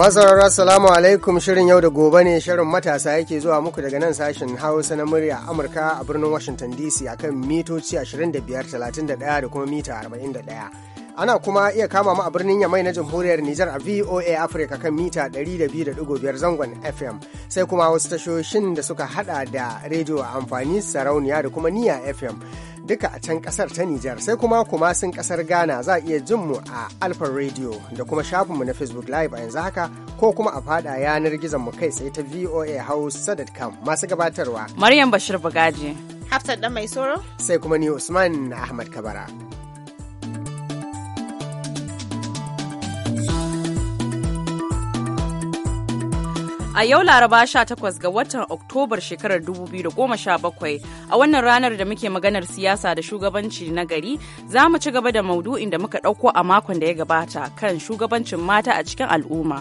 Masarara salamu alaikum shirin yau da gobe ne shirin matasa yake zuwa muku daga nan sashen Hausa na murya Amurka a birnin Washington DC akan mitoci 25, 31 da kuma mita 41. ana kuma iya kama mu a birnin yamai na jamhuriyar Nijar a VOA Africa kan mita 200.5 zangon FM sai kuma wasu tashoshin da suka hada da rediyo amfani sarauniya da kuma niya FM duka a can kasar ta Nijar sai kuma kuma sun kasar Ghana za iya jin mu a Alfa Radio da kuma shafin mu na Facebook Live a yanzu haka ko kuma a fada yanar gizon mu kai sai ta voahouse.com masu gabatarwa. Maryam Bashir Bugaji. Hafsat da mai soro. Sai kuma ni Usman Ahmad Kabara. A yau Laraba 18 ga watan Oktobar shekarar 2017 a wannan ranar da muke maganar siyasa da shugabanci na gari za mu ci gaba da maudu'in da muka ɗauko a makon da ya gabata kan shugabancin mata a cikin al'umma.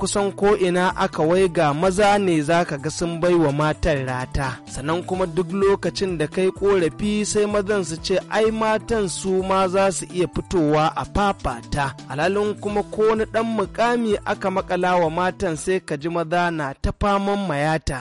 kusan ko ina aka ga maza ne za ka ga sun bai wa matan rata sannan kuma duk lokacin da kai korafi sai mazan su ce ai matan su ma za su iya fitowa a fafata alhalin kuma ko na dan mukami aka makala wa matan sai ka ji maza na ta faman mayata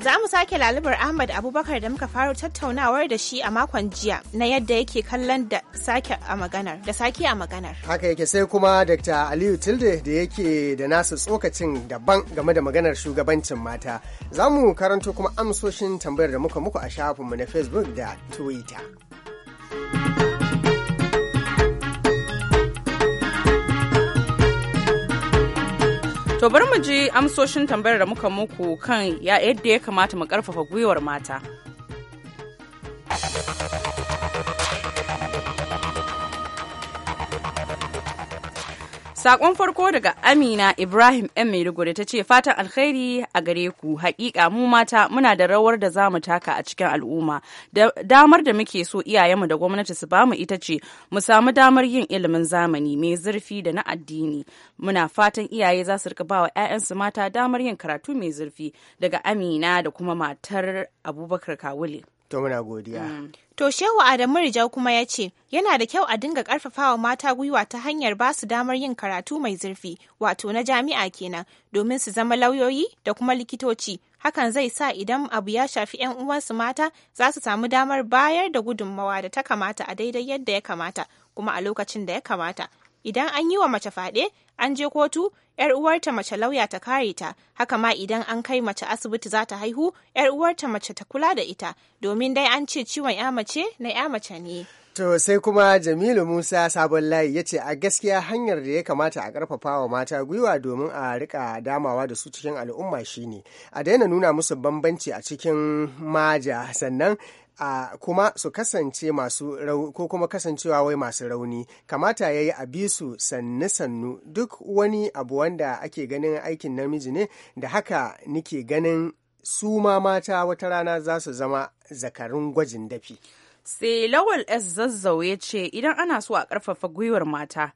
Za mu sake lalubar Ahmad Abubakar da muka fara tattaunawar da shi a makon jiya na yadda yake kallon da sake a maganar da sake a maganar. Haka yake sai kuma Dr. Aliyu Tilde da yake da nasu tsokacin daban game da maganar shugabancin mata. Za mu karanto kuma amsoshin tambayar da muka muku a shafinmu na Facebook da Twitter. To bari mu ji amsoshin tambayar da muka muku kan yadda ya kamata mu karfafa gwiwar mata. Sakon farko daga Amina Ibrahim ‘yan Maiduguri ta ce fatan alkhairi a gare ku hakika mu mata muna da rawar da za mu taka a cikin al'umma. Damar da muke so iyayenmu da gwamnati su bamu ita ce mu samu damar yin ilimin zamani mai zurfi da na addini. Muna fatan iyaye za su rika bawa ‘ya'yansu mata damar yin karatu mai zurfi daga Amina da kuma matar Abubakar Kawule. To muna godiya. Mm. To Shehu Adamu Rijau kuma ya ce, yana da kyau a dinga karfafawa mata gwiwa ta hanyar ba su damar yin karatu mai zurfi, wato na jami'a kenan, domin su zama lauyoyi da kuma likitoci. Hakan zai sa idan abu ya shafi 'yan uwansu mata za su samu damar bayar da gudunmawa da ta kamata a daidai yadda ya kamata, kuma a lokacin da ya kamata. idan an yi wa mace fade, an je kotu yar uwarta mace lauya ta kare ta haka ma idan an kai mace asibiti za ta haihu yar uwarta mace ta kula da ita domin dai an ce ciwon ya mace na ya mace ne To sai kuma Jamilu Musa Sabon Layi ya ce a gaskiya hanyar da ya kamata a karfafa wa mata gwiwa domin a rika damawa da su cikin al'umma shine a daina nuna musu bambanci a cikin maja sannan a kuma su kasance masu ko kuma kasancewa wai masu rauni kamata ya yi a su sannu sannu duk wani abu wanda ake ganin aikin namiji ne da haka nike ganin su ma mata wata rana za su zama zakarun gwajin dafi sai lawal s zazzau ya ce idan ana so a karfafa gwiwar mata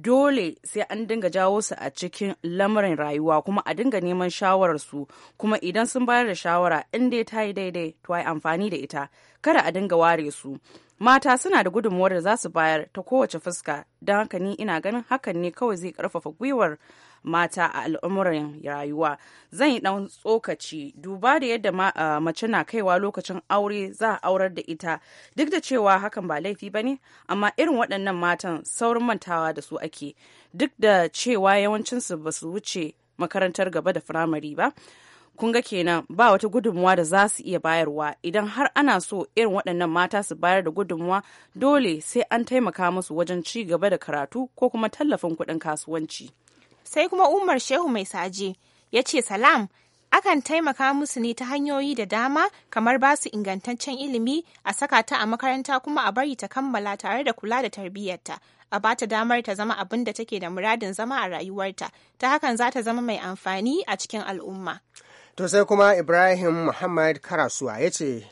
dole sai an dinga jawo su a cikin lamarin rayuwa kuma a dinga neman shawararsu kuma idan sun bayar da shawara in dai ta yi daidai to ai amfani da ita kada a dinga ware su mata suna da gudunmuwar da za su bayar ta kowace fuska don haka ni ina ganin hakan ne kawai zai karfafa gwiwar mata a al'umuran rayuwa zan yi dan tsokaci duba da yadda mace na kaiwa lokacin aure za a aurar da ita duk da cewa hakan ba laifi ba ne amma irin waɗannan matan saurin mantawa da su ake duk da cewa yawancinsu ba su wuce makarantar gaba da firamare ba kun ga kenan ba wata gudunmuwa da za su iya bayarwa idan har ana so irin waɗannan mata su bayar da gudunmuwa dole sai an taimaka musu wajen ci gaba da karatu ko kuma tallafin kuɗin kasuwanci. sai kuma umar shehu mai saje ya ce salam akan taimaka musu ne ta hanyoyi da dama kamar ba su ingantaccen ilimi a saka ta a makaranta kuma a bari ta kammala tare da kula da tarbiyyarta a ba ta damar ta zama abin da take da muradin zama a rayuwarta ta hakan za ta zama mai amfani a cikin al'umma to sai kuma ibrahim muhammad karasuwa ya ce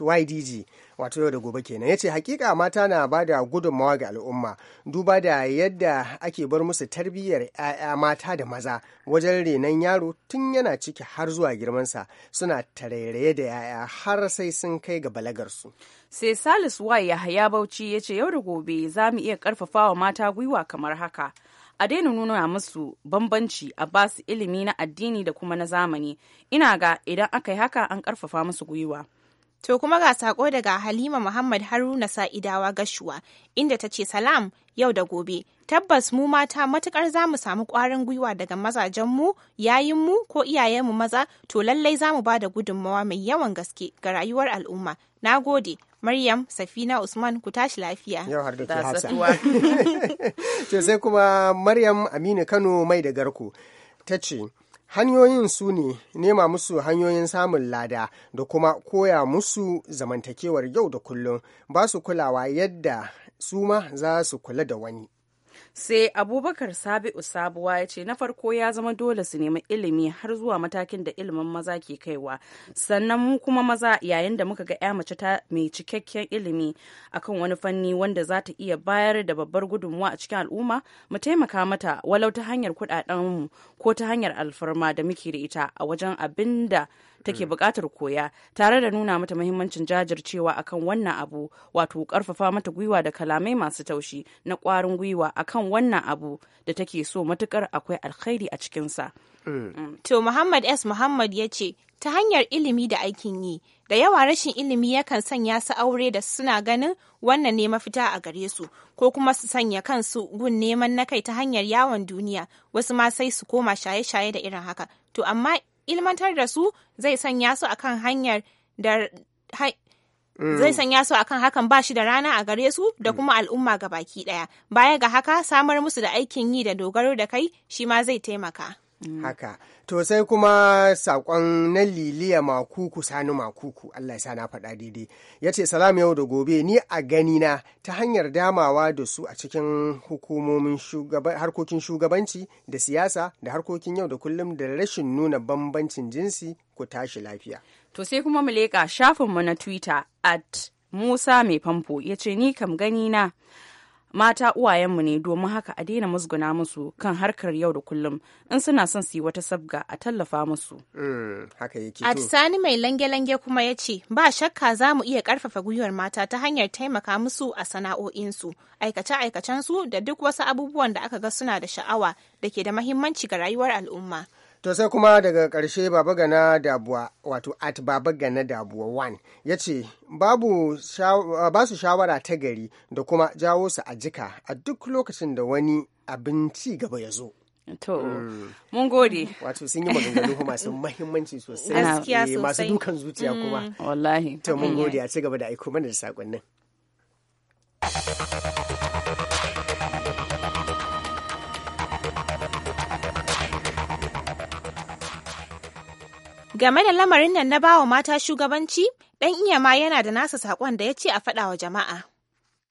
ydg wato yau da gobe kenan ya ce hakika mata na ba da gudunmawa ga al'umma duba da yadda ake bar musu tarbiyyar 'ya'ya mata da maza wajen renon yaro tun yana ciki har zuwa girmansa suna tarairaye da 'ya'ya har sai sun kai ga balagarsu sai salis y yahaya bauchi ya ce yau da gobe za mu iya karfafa wa mata gwiwa kamar haka a daina nuna musu bambanci a ba su ilimi na addini da kuma na zamani ina ga idan aka yi haka an karfafa musu gwiwa To kuma ga sako daga Halima Muhammad Haruna Sa'idawa Gashuwa inda ta ce salam yau da gobe. Tabbas mu mata matukar za mu samu ƙwarin gwiwa daga mazajenmu, yayinmu ko iyayenmu maza to lallai za mu ba da gudunmawa mai yawan gaske ga rayuwar al'umma. Na gode, Maryam, Safina Usman, ku tashi lafiya. Yau har da ke Hafsa. To sai kuma Maryam Aminu Kano mai da garku ta ce, hanyoyin su ne nema musu hanyoyin samun lada da kuma koya musu zamantakewar yau da kullum ba su kulawa yadda su ma za su kula da wani sai abubakar sabi'u sabuwa ya ce na farko ya zama dole su nemi ilimi har zuwa matakin da ilimin maza ke kaiwa sannan mu kuma maza yayin da muka ga ya mace ta mai cikakken ilimi akan wani fanni wanda za ta iya bayar da babbar gudunmuwa a cikin al'umma mu taimaka mata walau ta hanyar kuɗaɗen mu ko ta hanyar alfarma da muke da ita a wajen abin da take mm. buƙatar koya tare da nuna mata mahimmancin jajircewa akan wannan abu wato ƙarfafa mata gwiwa da kalamai masu taushi na ƙwarin gwiwa akan wannan abu da take so matukar akwai alkhairi a cikinsa. Mm. Mm. To Muhammad S. Muhammad ya ce ta hanyar ilimi da aikin yi da yawa rashin ilimi yakan sanya su aure da suna ganin wannan ne mafita a gare su ko kuma su sanya kansu gun neman na kai ta hanyar yawon duniya wasu ma sai su koma shaye-shaye da irin haka to amma ilmantar da su zai sanya su akan hanyar da mm. zai sanya su akan hakan ba shi da rana a gare su da mm. kuma al'umma ga baki daya baya ga haka samar musu da aikin yi da dogaro da kai shi ma zai taimaka Mm. haka to sai kuma sakon na liliya makuku sani makuku allah ya sa na faɗa daidai ya ce salam yau da gobe ni a ganina ta hanyar damawa da su a cikin hukumomin harkokin shugabanci da siyasa da harkokin yau da kullum da rashin nuna bambancin jinsi ku tashi lafiya to sai kuma mu leƙa shafinmu na twitter at musa mai famfo ya ce ni kam na. mata uwayenmu ne domin haka a daina musguna musu kan harkar yau da kullum in suna son su yi wata sabga a tallafa musu. Hmm, Atisani mai lange-lange kuma ya ce ba shakka za mu iya karfafa gwiwar mata ta hanyar taimaka musu a sana'o'insu aikace-aikacensu da duk wasu abubuwan da aka ga suna da sha'awa da ke da mahimmanci ga rayuwar al'umma. To sai kuma daga ƙarshe gana Dabuwa wato at Babagana Dabuwa 1 ya ce uh, ba su shawara ta gari da kuma jawo su a jika a duk lokacin da wani abin ci gaba ya zo. To, hmm. mun gode. Wato sun yi maganganu masu mahimmanci sosai. Eh, masu dukan zuciya kuma. Hmm. Wallahi. To, mun gode a ci gaba da aiko mana da saƙonnin. Game da lamarin nan na bawa mata shugabanci, ɗan iya ma yana da nasa saƙon da ya ce a faɗawa jama'a.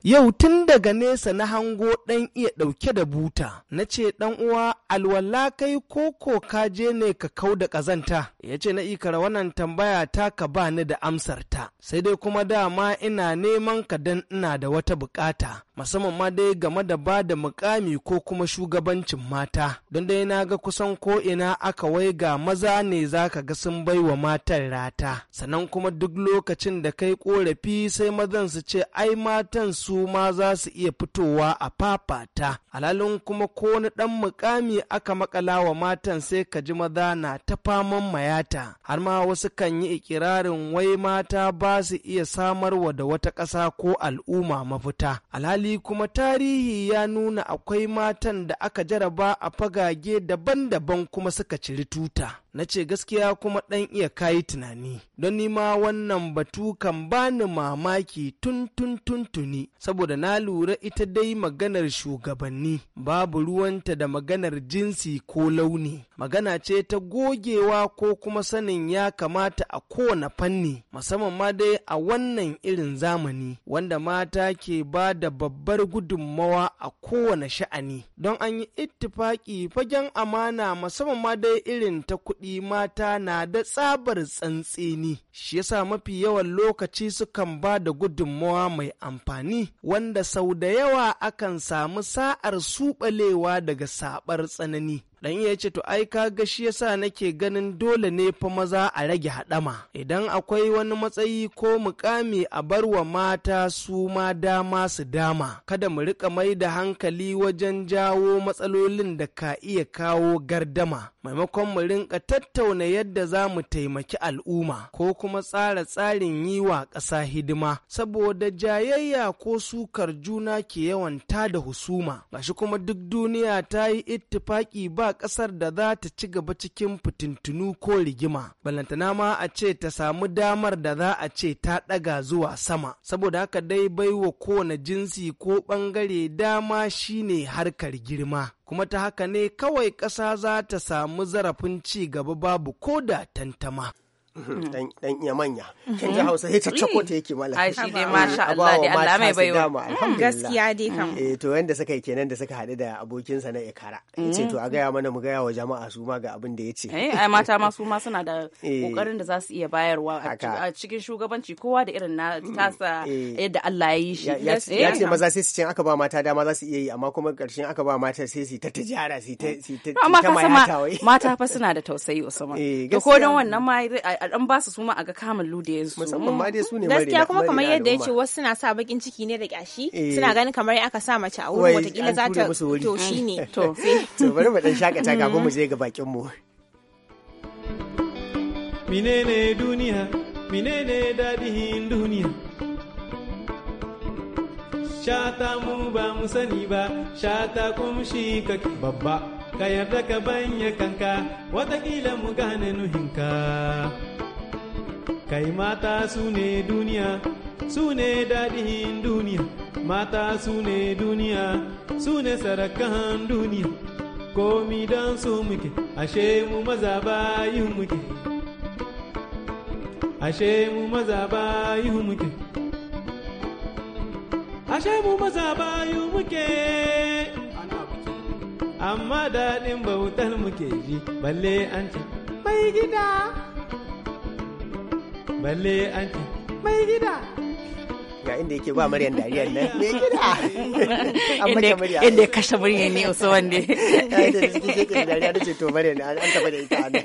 Yau tun daga nesa na hango ɗan iya ɗauke da buta, na ce ɗan uwa alwala kai koko ka je ne ka kau da ƙazanta, ya ce na ikara wannan tambaya ta ka ba ni da amsarta, sai dai kuma dama ina neman ka dan ina da wata bukata. musamman ma dai game da ba da mukami ko kuma shugabancin mata don dai na ga kusan ko ina aka wai ga maza ne zaka ga sun bai wa matan rata sannan kuma duk lokacin da kai korafi sai mazan su ce ai matan su ma za su iya fitowa a fafata alalin kuma ko na dan mukami aka makala wa matan sai ka ji maza na ta faman mayata har ma wasu kan yi ikirarin wai mata ba su iya samarwa da wata ƙasa ko al'umma mafita alhali alhali kuma tarihi ya nuna akwai matan da aka jaraba a fagage daban-daban kuma suka ciri tuta na ce gaskiya kuma ɗan iya kayi tunani don nima wannan batu kan bani mamaki tun tun tun tuni saboda na lura ita dai maganar shugabanni babu ruwanta da maganar jinsi ko launi magana ce ta gogewa ko kuma sanin ya kamata a kowane fanni musamman ma dai a wannan irin zamani wanda mata ke ba da babbar gudummawa a kowane sha'ani don an yi ittifaki fagen amana musamman ma dai irin ta kuɗi kuɗi mata na da tsabar tsantseni shi yasa mafi yawan lokaci sukan ba da gudunmawa mai amfani wanda sau da yawa akan samu sa'ar suɓalewa daga saɓar tsanani dan ya ce to ai ka ga shi yasa nake ganin dole ne fa maza a rage haɗama idan akwai wani matsayi ko mukami a bar wa mata su ma dama su dama kada mu rika mai da hankali wajen jawo matsalolin da ka iya kawo gardama maimakon mu rinƙa tattauna yadda za mu taimaki al'umma ko kuma tsara tsarin yi wa ƙasa hidima saboda jayayya ko sukar juna ke yawan ta da husuma gashi kuma duk duniya ta yi ittifaki ba kasar ƙasar da za ta ci gaba cikin fitintunu ko rigima balantana ma a ce ta samu damar da za a ce ta ɗaga zuwa sama saboda haka dai bai wa kowane jinsi ko ɓangare dama shine harkar girma kuma ta haka ne kawai ƙasa za ta samu zarafin ci gaba babu ko da tantama Mm. dan iya manya kin ji mm-hmm. hausa sai caccako ta yake mallaka ai shi dai masha Allah dai Allah mai baiwa mm. gaskiya dai kam eh to yanda suka yi kenan da suka haɗu da abokin sa na ikara yace mm. to a gaya mana mu gaya wa jama'a su ma ga abin da yace eh ai mata ma su ma suna da kokarin eh. da za su iya bayarwa a cikin shugabanci kowa da irin na tasa eh. yadda Allah ya yi shi ya eh. ce maza sai su ce aka ba mata dama za su iya yi amma kuma karshen aka ba mata sai su ta tijara su ta ta mayata wai mata fa suna da tausayi usama to ko don wannan ma a dan ba su suma a ga kamun lude yanzu musamman ma dai su ne gaskiya kuma kamar yadda yace wasu suna sa bakin ciki ne da kyashi eh. suna ganin kamar aka sa mace a wurin watakila za ta to shine to to bari mu dan shakata mm. kafin mu je ga bakin mu menene duniya menene dadihin duniya shata mu ba mu sani ba shata kuma shi kake babba ka yarda ka banye kanka watakila mu gane nuhinka kai mata su ne duniya su ne daɗin duniya mata su ne duniya su ne sarakan duniya komi don su muke ashe mu maza bayin muke ashe mu maza bayin muke ashe mu maza bayin muke amma daɗin bautar muke ji balle an ce mai gida balle an ce mai gida lafiya inda yake ba muryan dariya nan me gida inda ya kashe muryan ne uso wande dariya da ce to ne an taba da ita ne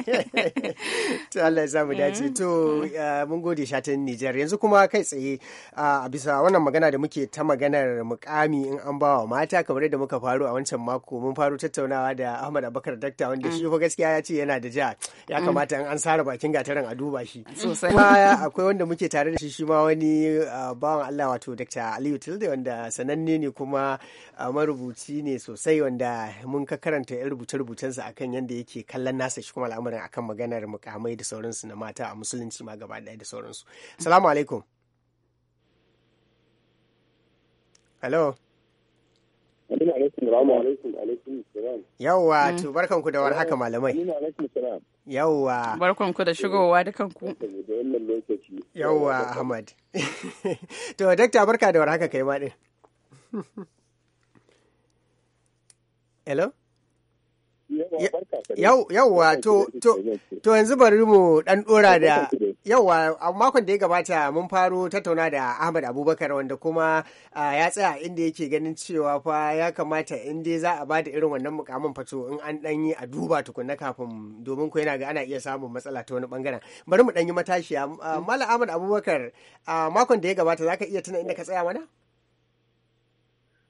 to Allah ya samu dace mm. to mun gode shatan Nijar yanzu kuma kai tsaye a bisa wannan magana da muke ta maganar mukami in an ba wa mata kamar yadda muka faru a wancan mako mun faru tattaunawa da Ahmad Abubakar Dakta wanda shi mm. fa gaskiya ya ce yana da ja ya mm. kamata in an sara bakin gatarin a duba shi sosai akwai wanda muke tare da shi shi ma wani bawan Allah wato Dr. Aliyu Tilde wanda sananne ne kuma marubuci ne sosai wanda mun ka karanta yan rubuce-rubucensa akan yadda yake kallon nasa shi kuma a akan maganar mukamai da sauransu na mata a musulunci ma gaba ɗaya da sauransu. Salamu alaikum. Hello. alaikum Yawwa, to barkanku da haka malamai. Alaikum salam. Yawwa. Barkon ku da shigowa da kanku Yawwa Ahmad. to dakta barka da warhaka kai ma din. Hello? Yawwa to yanzu bari mu dan dora da yawwa a makon da ya gabata mun faro tattauna da Ahmad Abubakar wanda kuma ya tsaya inda yake ganin cewa fa ya kamata in dai za a bada irin wannan mukamin fato in an dan yi a duba tukunna kafin domin ku yana ga ana iya samun matsala ta wani bangaren bari mu dan yi matashiya Malam Ahmad Abubakar a makon da ya gabata zaka iya tuna inda ka tsaya mana?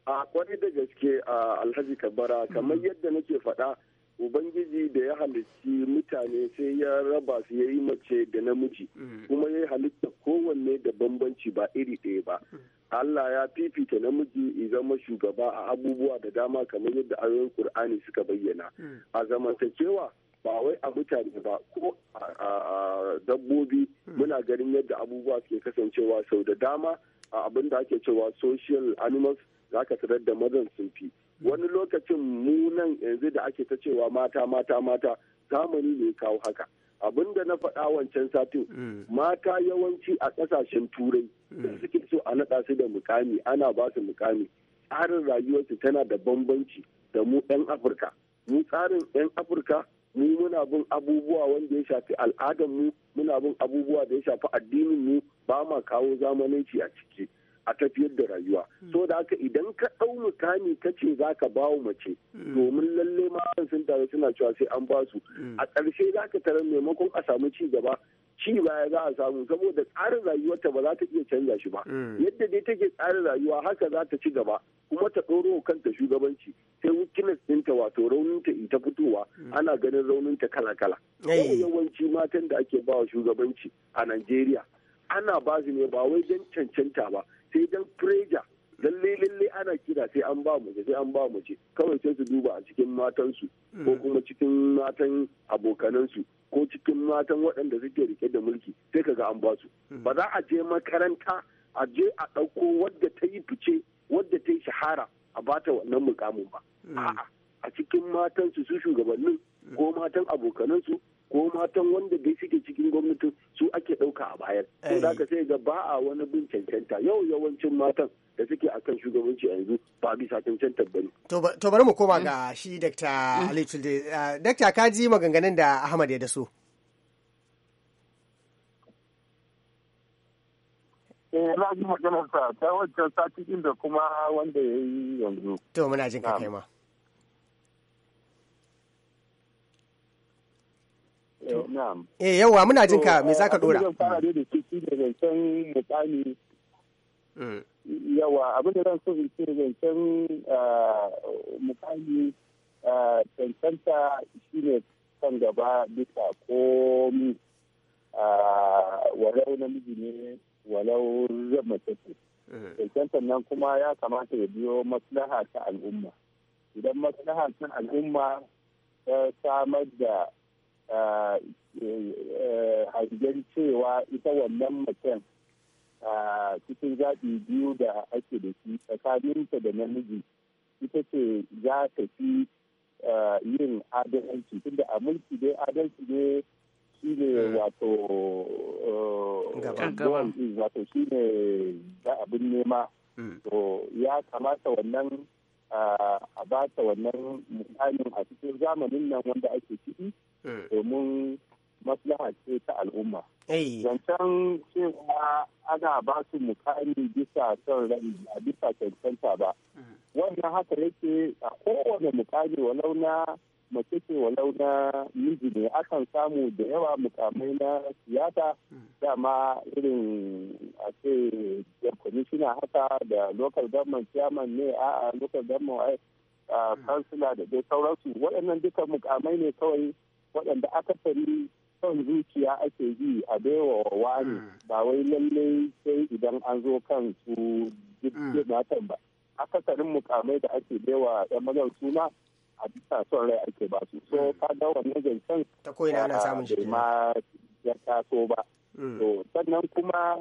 a kwanai da gaske a alhaji kabara kamar mm. yadda nake faɗa ubangiji da ya halicci mutane sai ya raba su ya yi mace da namiji mm. kuma ya halitta kowanne da bambanci ba iri ɗaya ba mm. Allah ya fifita namiji zama shugaba a abubuwa da dama kamar yadda ayoyin Kur'ani suka bayyana mm. a zamantakewa ba wai a mutane ba ko a dabbobi muna ganin yadda abubuwa suke kasancewa sau da dama a abin da ake cewa social animals za ka tarar da mazan sun fi wani lokacin mu yanzu da ake ta cewa mata mata mata zamani ne kawo haka abin da na faɗa wancan satin mm. mata yawanci a ƙasashen turai mm. da suke so a naɗa su da mukami ana ba su mukami tsarin rayuwarsu tana da bambanci da mu 'yan afirka mu tsarin 'yan afirka mu muna bin abubuwa wanda ya shafi al'adar mu muna bin abubuwa da ya shafi addinin mu ba ma kawo zamananci a ciki a tafiyar da rayuwa hmm. so da haka idan ka ɗau mukami ka ce za ka ba wa mace hmm. domin lalle matan sun taru suna cewa sai an ba su hmm. a ƙarshe za ka tarar maimakon a samu ci gaba ci baya za a samu saboda tsarin rayuwarta ba za ta iya canza shi ba yadda dai take tsarin rayuwa haka za ta ci gaba kuma ta ɗoro kanta shugabanci sai wikinas ɗinta wato rauninta ita fitowa ana ganin rauninta kala-kala yawanci matan da ake bawa shugabanci a Najeriya ana ba su ne ba wai don cancanta ba sai dan preja lalle lalle ana kira sai an ba mu sai an ba mu ce kawai sai su duba a cikin matansu ko hmm. kuma cikin matan abokanansu ko cikin matan waɗanda suke rike da mulki sai kaga an ba su hmm. ba za a je makaranta a je a ɗauko wadda ta yi fice wadda ta yi shahara a bata wannan mukamin ba hmm. a'a a cikin matansu su shugabannin ko matan abokanansu ko matan wanda bai suke cikin gwamnati su ake ɗauka a bayan. Ko eh. da ka sai ga ba a wani bin cancanta yau yawancin matan da suke akan shugabanci yanzu ba bisa cancantar bane. To bari mu koma mm. ga shi dakta mm. Ali Tunde. Eh, dakta ka ji maganganun da Ahmad ya daso. Eh, na ji maganarsa ta wancan sati inda kuma wanda ya yi yanzu. To muna jin ka ma. Eh, eh yawa muna jin eh, ka me zaka dora? Zan fara da shi zancen mutane. Mm. Yawa abin da zan so in ce zancen ah, mutane ah, cancanta shine kan gaba bisa komi ah, walau namiji ne walau mace ce. Mm. Cancanta nan kuma ya kamata ya biyo maslaha ta al'umma. Idan maslaha ta al'umma ta samar da hangen cewa ita wannan a cikin zaɓi biyu da ake da shi tsakaninta da namiji ita ce za ta fi yin adalci tunda a mulki dai adalci ne shi ne hmm. wato wato shi ne abin nema hmm. to ya kamata wannan a ba ta wannan mukamin a cikin zamanin nan wanda ake ciki eh. domin maslaha ce ta al'umma. Eh. Zancen cewa ana ba su mukami bisa son rai a bisa cancanta ba. Eh. Wannan haka yake a kowane mukami walau na mace ce walau na miji ne akan samu da yawa mukamai na siyasa dama irin a ce da kwamishina haka da local government chairman ne a local government a kansila hmm. da dai sauransu waɗannan duka mukamai ne kawai waɗanda aka sani son zuciya ake yi a baiwa wani hmm. ba wai lallai sai idan an zo kan su hmm. matan ba akasarin mukamai da ake baiwa 'yan mazan suna a bisa son rai ake ba su so hmm. ka ga wannan ta koyi ana samun shi ma ya taso ba hmm. to sannan kuma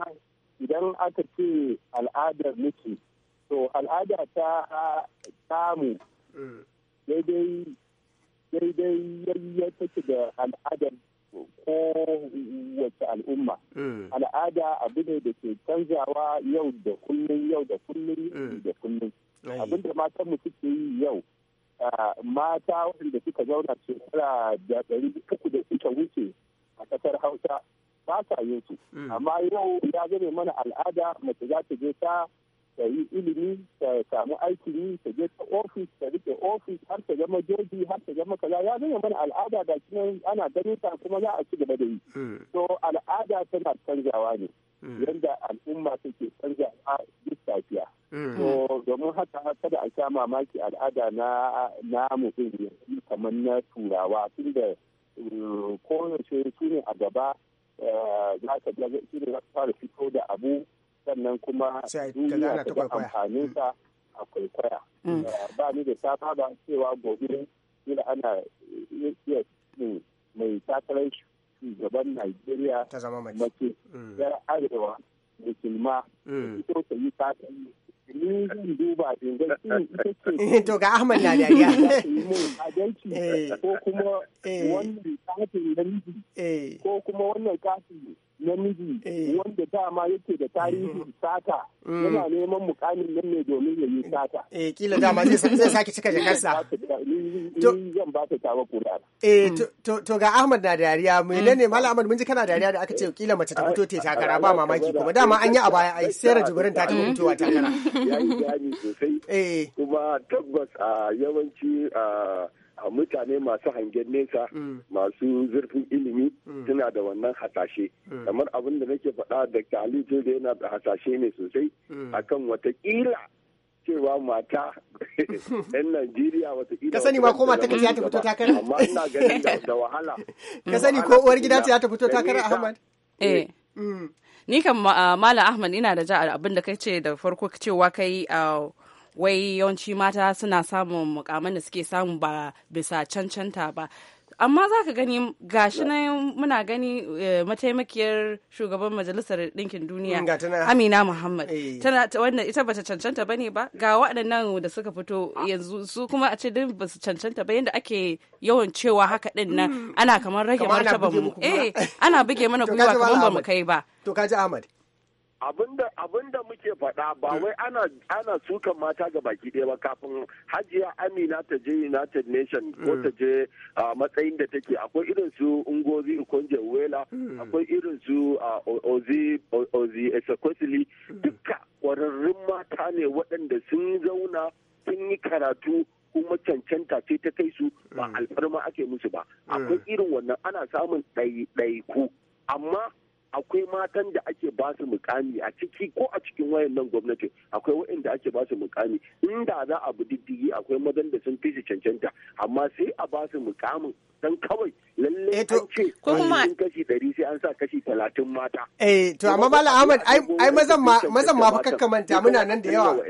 idan aka ce al'adar miki to al'ada ta samu hmm. daidai daidai yayya take da al'adar ko wace al'umma al'ada abu ne da ke canzawa yau da kullum yau da kullum da kullum abinda matan mu suke yi yau mata waɗanda suka zauna shekara da ɗari uku da suka wuce a ƙasar hausa ba sa yin su mm. amma yau ya zame mana al'ada mace za ta je ta ta yi ilimi ta samu aikin yi ta je ta ofis ta rike ofis har ta zama joji har ta zama kaza ya zama mana al'ada da kuma ana ganin ta kuma za a ci gaba da yi to hmm. al'ada tana canzawa ne hmm. yadda al'umma take canza a duk safiya to hmm. domin haka kada a sha mamaki al'ada na mu din kamar na turawa tunda eh, yaushe su ne a gaba eh, za ka fara fito da abu sannan kuma duniya ta ga amfanin sa a kwaikwaya mm. mm. ba ni da safa ba cewa gobe kila ana iya mai takarar shugaban Najeriya ta zama mace mm. yar arewa musulma ta yi takarar ni zan duba dinga eh, to ga Ahmad na dariya adalci eh. eh. ko kuma wannan katin namiji ko kuma wannan namiji eh. wanda dama yake da tarihi mm. sata mm. yana neman mukamin nan ne domin ya yi sata. Eh kila dama zai sake cika jakarsa. Zan ba ta tawa kura. Eh mm. to ga Ahmad na dariya mai ne Malam Ahmad mun ji kana dariya da aka ce kila mace ta fito te takara ba mamaki kuma dama an yi a baya ai sai Jibrin ta tafi fitowa takara. Yayi bayani sosai. Eh kuma tabbas a yawanci a mutane masu hangen nesa mm. masu zurfin ilimi mm. suna da wannan hatashe. Mm. kamar abin da nake faɗa da Ali da yana da hatashe ne sosai akan watakila cewa mata yan Najeriya watakila ka sani ma ko mata ka ta fito takara amma ina ganin da wahala ka sani ko uwar gida ta fito takara Ahmad eh, eh. ni kan ah, Malam Ahmad ina da ja'ar abin da kai ce da farko cewa kai wai yawanci mata suna samun mukamman da suke samu ba bisa cancanta ba amma za ka gani gashi na muna gani eh, mataimakiyar shugaban majalisar ɗinkin duniya mm, amina muhammad eh. tana wannan ita bata cancanta bane ba ga waɗannan da suka fito yanzu su kuma a ce din ba su cancanta ba yadda ake yawan cewa haka din nan mm. ana kamar rage martaba mu eh ana buge mana gwiwa kamar ba mu kai ba to kaji ahmad abinda muke faɗa ba mm. wai ana ana sukan mata ga baki ɗaya ba kafin hajiya amina ta je united nation ko mm. ta je matsayin da take akwai irin su ungozi ikonje wela mm. akwai irin su ozi ozi esekwesili duka ƙwararrun mata ne waɗanda sun zauna sun yi karatu kuma cancanta ce ta kai su ba alfarma ake musu ba akwai irin wannan ana samun ɗaiɗaiku amma akwai matan da ake ba su mukami a ciki ko a cikin wayannan gwamnati akwai waɗanda ake ba su mukami inda za a bi diddigi akwai mazan da sun fi su cancanta amma sai a ba su mukamin dan kawai lalle eh, an ce ko kuma kashi 100 sai an sa kashi talatin mata. Eh to amma Malam Ahmad ai mazan ma mazan ma fa kakkamanta muna nan da yawa.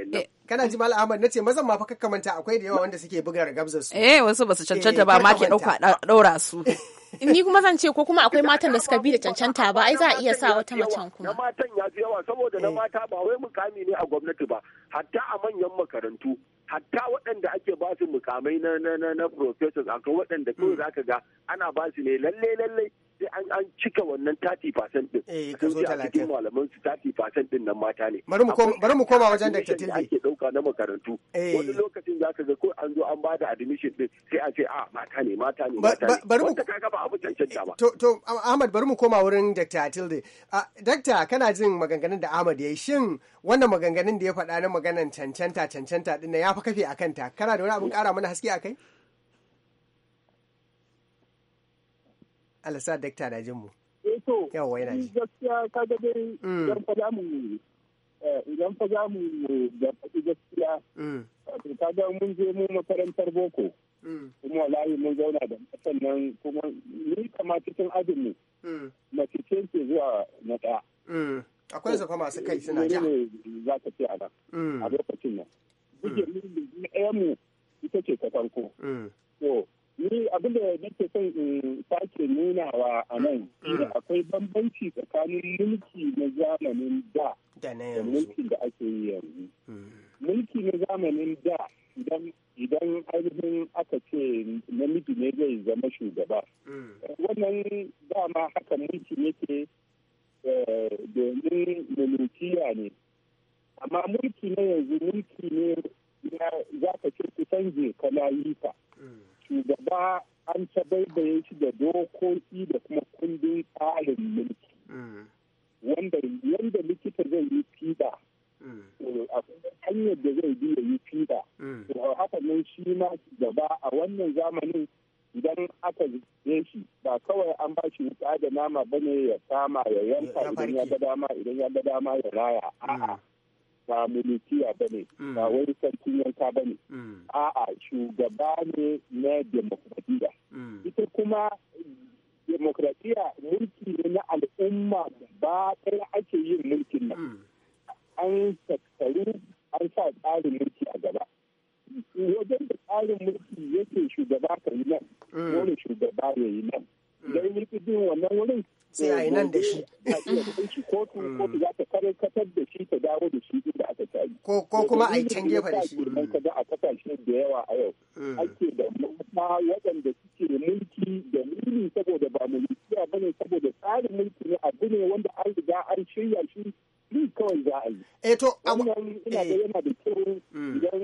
kana ji malam Ahmad nace mazan ma fa kakkamanta akwai da yawa wanda suke da gabzar eh, su eh wasu basu cancanta ba ma ke dauka daura su ni kuma zan ce ko kuma akwai matan da suka bi da cancanta ba ai za a iya sa wata macen kuma na matan ya fi yawa saboda na eh. mata ba wai mukami ne a gwamnati ba hatta a manyan makarantu hatta waɗanda ake ba su mukamai na na na, professors akwai waɗanda kawai mm. zaka ga ana ba su ne lalle lalle sai an cika wannan 30% din eh, a kaso cikin malaman su 30% din nan mata ne bari mu koma bari mu koma wajen Tilbi ake dauka na makarantu eh. wani lokacin za ka ga ko an zo an bada admission din sai a ce a ah, mata ne mata ne mata ne bari mu kaga ba abu cancanta ba to to Ahmad bari mu koma wurin Dr. Tilde ah, Dr. kana jin maganganun da Ahmad yayi shin wannan maganganun da ya faɗa na maganan cancanta cancanta din ya fa kafe akan ta kana da wani abin ƙara mana haske akai alasa dakta da jinmu eh, yawa yana ji gaskiya ka ga dai mm. idan fa za mu eh, idan fa za mu da faɗi gaskiya mm. ka ga mun je mu makarantar boko mm. kuma wallahi mun zauna da matan kuma ni kama cikin ajin ne mace ce zuwa na ɗaya akwai zafa masu kai suna ja za ka ce a nan a lokacin nan ɗaya mu ita ce ta farko ni abin da nake son in sake nunawa a nan mm. akwai bambanci tsakanin mulki na zamanin da da mulkin da ake yi yanzu mm. mulki na zamanin da idan ainihin aka ce namiji ne zai zama shugaba mm. wannan dama haka mulki yake eh, domin mulkiya ne amma mulki na yanzu mulki ne za ka ce kusan je ka yi ka shugaba an tabaibaye shi da dokoki da kuma kundin tsarin mulki wanda likita zai yi fida hanyar da zai biya yi fida to haka nan shi ma shugaba a wannan zamanin idan aka je shi ba kawai an ba shi wuta da nama bane ya sama ya yanka idan ya ga dama idan ya ga dama ya raya a'a mm. ba militiya mm. ba ne ba wai sarkin yanka bane. ne mm. a'a shugaba ne na demokradiyya mm. ita kuma demokradiyya mulki ne na al'umma ba ɗaya ake yin mulkin nan an tattaru an sa tsarin mulki a gaba wajen da tsarin mulki yake shugaba ka yi nan wani shugaba ya yi nan idan yi wannan wurin sai a yi nan da shi. Eh, eh, eh, kotu zata za ta kare da shi ta dawo da shi inda aka tayi. Ko kuma a yi can gefe da shi. ka ga a kasashe da yawa a yau. Ake da mata waɗanda suke mulki da mulki saboda ba mulkiya ba ne saboda tsarin mulki ne abu ne wanda an riga an shirya shi ni kawai za a yi. Eh to ina da yana da kyau hmm. idan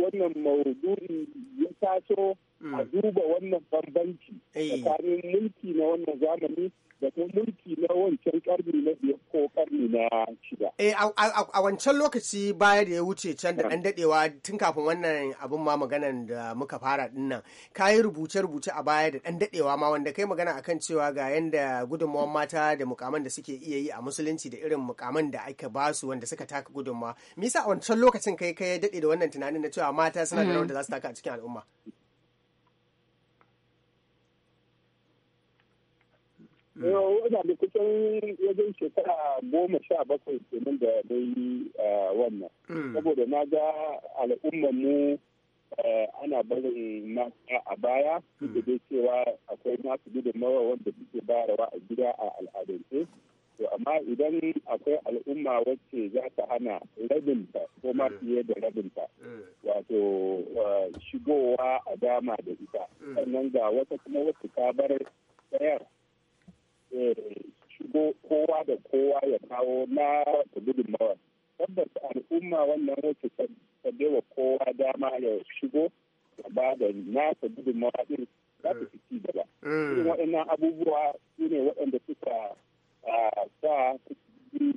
wannan maudu'i ya taso a hmm. duba wannan bambanci tsakanin mulki na wannan zamani da kuma mulki na wancan karni na biyar ko karni na shida. Eh, a wancan lokaci baya da ya wuce can da ɗan daɗewa tun kafin wannan abin ma maganan da muka fara dinnan ka yi rubuce-rubuce a baya da ɗan daɗewa ma wanda kai magana akan cewa ga yanda gudunmawan mata da mukaman da suke iya yi a musulunci da irin mukaman da aka ba su wanda suka taka gudunmawa. Me yasa a wancan lokacin kai kai daɗe da wannan tunanin na cewa mata suna da rawar da za su taka a cikin al'umma? Mm. Ina da kusan wajen shekara goma sha bakwai kenan da na yi wannan. Mm. Saboda na ga al'ummar mu ana barin mata a baya, duk da mm. cewa akwai nasu gudunmawa wanda suke barawa a gida a al'adance. To amma idan akwai al'umma wacce za ta hana rabinta ko ma fiye da rabinta wato shigowa a dama da ita. Sannan ga wata kuma wacce ta bar tsayar shigo kowa da kowa ya kawo na gudunmawa tabbas al'umma wannan wacce ta wa kowa dama ya shigo ya ba da nasa gudunmawa din za ta fi ci gaba mm. irin waɗannan abubuwa su ne waɗanda suka ah, sa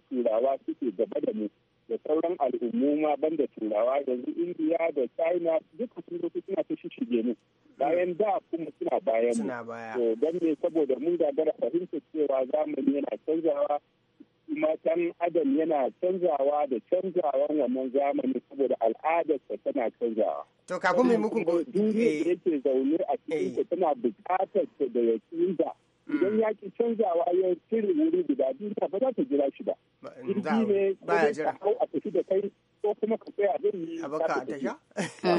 turawa suke gaba da mu da sauran al'ummu ma banda turawa yanzu indiya da china duka sun zo suna ta shige mu bayan da kuma suna bayan mu dan ne saboda mun gagara fahimta cewa zamani yana canzawa kuma dan adam yana canzawa da canzawan wannan zamani saboda al'adar ta tana canzawa. To kafin mai muku duniya da eh. yake zaune a cikin eh. tana bukatar da ya canza idan hmm. ya ki canzawa ya cire wuri guda duniya ba za ta jira shi ba kuma ka tsaya zan yi ta sha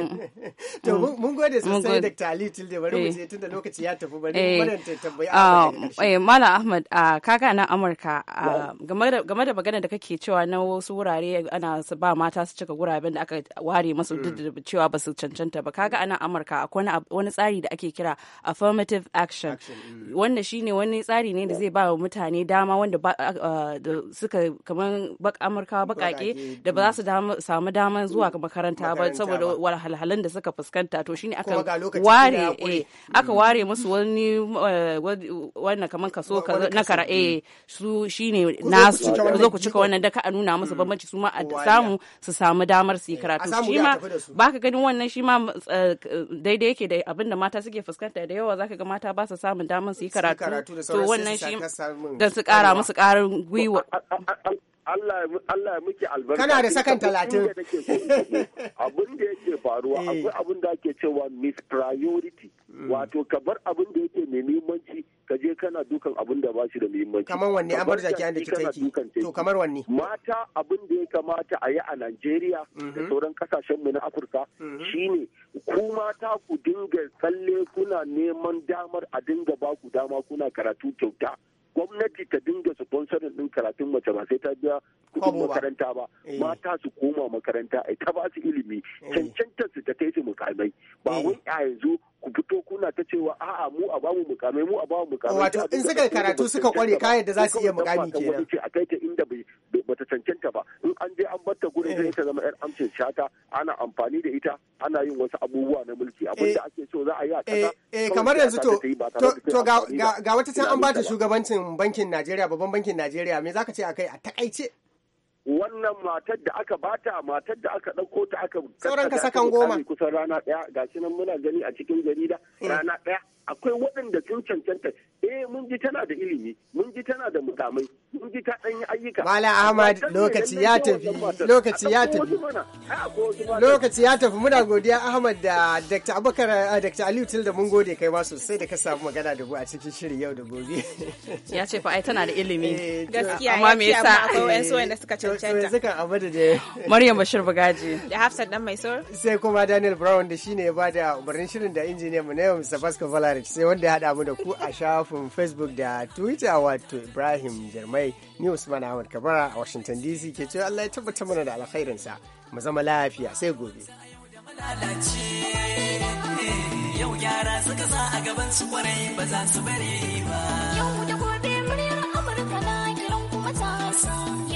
to hmm. mun gode sosai da tali tilde bari mu eh. je tunda lokaci ya tafi bari eh. mala ah, ahmad kaga eh, ah, nan amurka ah, game da magana da kake cewa na wasu wurare ana ba mata su cika guraben da aka ware masu hmm. duk da cewa ba su cancanta ba kaga a nan amurka akwai wani tsari da ake kira affirmative action wanda shi shine wani tsari ne da zai ba wa mutane dama wanda suka kamar amurkawa bakake da ba za mm. su samu dama zuwa mm. makaranta ba saboda wahalhalun da suka fuskanta to shine aka ware eh, aka mm. ware musu wani eh, wannan kamar kaso na kara eh su shine nasu zo ku cika wannan da ka nuna musu bambanci su ma a samu su samu damar su yi eh, karatu shi ma baka ganin wannan shi ma daidai yake da abinda mata suke fuskanta da yawa zaka ga mata ba su samun damar su yi karatu karatu da sauran sai wannan shi da su kara musu karin gwiwa Allah ya miki albarka. Kana da sakan 30 Abin da yake faruwa, eh. akwai abin da ake cewa mispriority. wato ka bar abin da yake mai muhimmanci ka je kana dukan abin da ba shi da muhimmanci kamar wanne an bar jaki an da kitaki to kamar wanne mata abin da ya kamata a yi a Najeriya da mhm. sauran kasashen mu na Afirka mhm. shine ku mata ku dinga kalle kuna neman damar a dinga ba ku dama kuna karatu kyauta gwamnati ta dinga su sponsorin din karatun mace ba sai ta biya kudin makaranta ba eh. mata su koma makaranta ai ta ba su ilimi eh. cancantar su ta kai su mukamai ba eh. wai a yanzu ku fito kuna ta cewa a'a mu a babu mukamai mu a babu mukamai wato in suka karatu suka kware ka yadda za su iya mukami kenan a kai ta inda bata cancanta ba in an je an batta gurin zai eh. ta zama yar amcin shata ana amfani da ita ana yin wasu abubuwa na mulki abin da eh. ake so za a yi a kasa eh, eh kamar yanzu to to ga wata can an bata shugabancin bankin Najeriya babban bankin Najeriya me zaka ce akai a takaice wannan matar da aka bata matar da aka ɗauko ta aka sauran ka sakan goma kusan rana ɗaya shi nan muna gani a cikin jarida eh. rana ɗaya akwai waɗanda sun cancanta eh mun ji tana da ilimi mun ji tana da mukamai ji ɗan yi ayyuka. Ahmad lokaci ya tafi lokaci ya tafi lokaci ya tafi muna godiya Ahmad da Dr. Abubakar eh, Dr. Aliyu Til da mun gode kai ma sosai da ka samu magana da mu a cikin shirin yau da gobe. Ya ce fa ai tana da ilimi. Eh, Gaskiya amma me yasa akwai wayansu wanda suka cancanta. Suka abada da Maryam Bashir Bugaji. Da Hafsat dan mai sor. Sai kuma Daniel Brown da shine ya bada umarnin shirin da injiniyan mu na yau Mr. Pascal Valerich sai wanda ya hada mu da ku a shafin Facebook da Twitter wato Ibrahim Jarmai VOA ni Usman Ahmad Kabara a Washington DC ke ce Allah ya tabbata mana da alkhairinsa mu zama lafiya sai gobe. Yau yara suka sa a gaban su kwarai ba za su bare ba. Yau da gobe muryar Amurka na kiran kuma ta